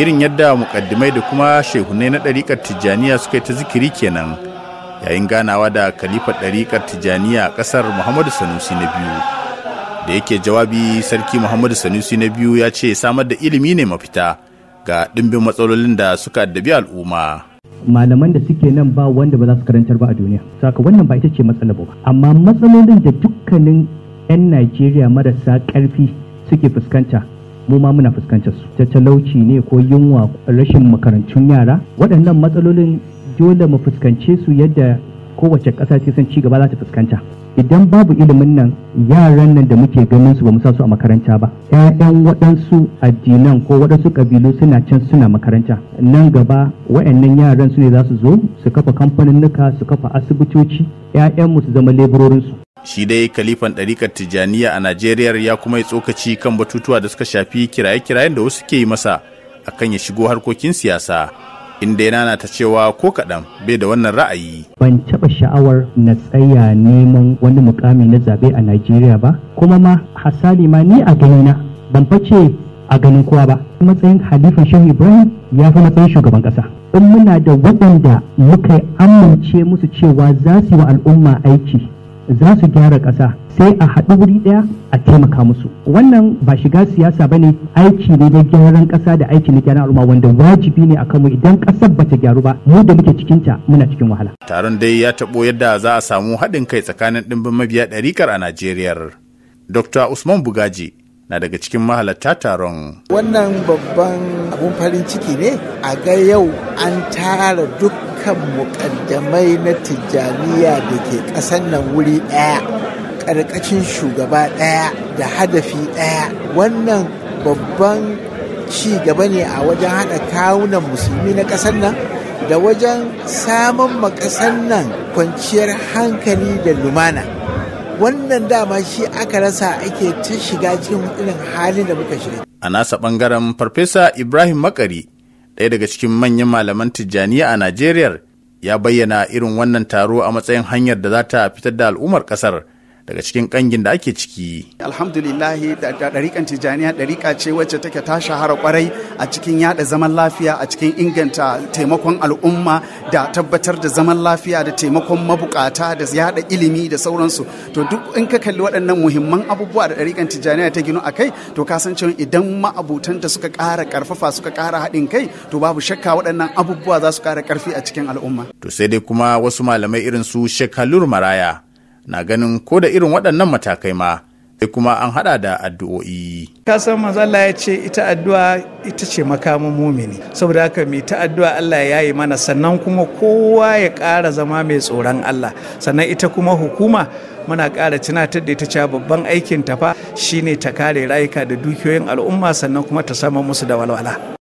irin yadda mukaddimai da kuma shehunai na ɗariƙar tijjaniya suka yi ta zikiri kenan yayin ganawa da kalifar ɗariƙar tijjaniya a ƙasar muhammadu sanusi na biyu da yake jawabi sarki muhammadu sanusi na biyu ya ce samar da ilimi ne mafita ga ɗimbin matsalolin da suka addabi al'umma malaman da suke nan ba wanda ba za su karantar ba a duniya saka wannan ba ita ce matsala ba amma matsalolin da dukkanin 'yan najeriya marasa ƙarfi suke fuskanta mu ma muna fuskantar su ta talauci ne ko yunwa rashin makarantun yara waɗannan matsalolin dole mu fuskance su yadda kowace ƙasa ce san cigaba za ta fuskanta idan babu ilimin nan yaran nan da muke ganin su ba mu sa su a makaranta ba ƴaƴan waɗansu addinan ko waɗansu ƙabilu suna can suna makaranta nan gaba waɗannan yaran su ne za su zo su kafa kamfanin kamfaninnuka su kafa asibitoci ƴaƴanmu su zama leburorinsu shi dai kalifan ɗarikar tijjaniya a najeriya ya kuma yi tsokaci kan batutuwa da suka shafi kiraye-kirayen da wasu ke yi masa akan ya shigo harkokin siyasa inda ya nana ta cewa ko kaɗan bai da wannan ra'ayi. Ban taɓa sha'awar na tsaya neman wani mukami na zaɓe a Najeriya ba, kuma ma hasali ma ni a ganina ban face a ganin kowa ba. Matsayin halifan Shehu Ibrahim ya fi matsayin shugaban ƙasa. In muna da waɗanda muka amince musu cewa za su yi wa al'umma aiki za su gyara ƙasa sai a haɗu wuri ɗaya a taimaka musu wannan ba shiga siyasa ba ne aiki ne na gyaran ƙasa da aiki na gyaran al'umma wanda wajibi ne a kanmu idan ƙasar bata gyaru ba mu da muke cikinta muna cikin wahala. taron dai ya taɓo yadda za a samu haɗin kai tsakanin ɗimbin mabiya ɗarikar a najeriya dr usman bugaji na daga cikin mahalarta taron. wannan babban abun farin ciki ne a ga yau an tara duk dukkan muƙaddamai na tijjaniya da ke ƙasan nan wuri ɗaya ƙarƙashin shugaba ɗaya da hadafi ɗaya wannan babban ci gaba ne a wajen haɗa kawunan musulmi na ƙasar nan da wajen samun makasar nan kwanciyar hankali da lumana wannan dama shi aka rasa ake ta shiga cikin irin halin da muka shiga a nasa ɓangaren farfesa ibrahim makari ɗaya daga cikin manyan malaman tijjaniya a Najeriya, ya bayyana irin wannan taro a matsayin hanyar da za ta fitar da al'ummar ƙasar daga cikin kangin da ake ciki. Alhamdulillahi da ɗariƙan tijaniya ɗariƙa ce wacce take ta shahara kwarai a cikin yada zaman lafiya a cikin inganta taimakon al'umma da tabbatar da zaman lafiya da taimakon mabukata da yada ilimi da sauransu. To duk in ka kalli waɗannan muhimman abubuwa da ɗariƙan tijaniya ta gino a kai to ka san cewa idan ta suka ƙara ƙarfafa suka ƙara haɗin kai to babu shakka waɗannan abubuwa za su ƙara ƙarfi a cikin al'umma. To sai dai kuma wasu malamai irin su Shekalur Maraya na ganin ko da irin waɗannan matakai ma sai kuma an hada da addu'o'i. Ka san Allah ya ce ita addu'a ita ce makamin mumini saboda haka mai ta addu'a Allah ya yi mana sannan kuma kowa ya ƙara zama mai tsoron Allah sannan ita kuma hukuma muna kara tunatar da ita cewa babban aikin tafa shine ta kare rayuka da dukiyoyin al'umma sannan kuma ta sama musu da walwala.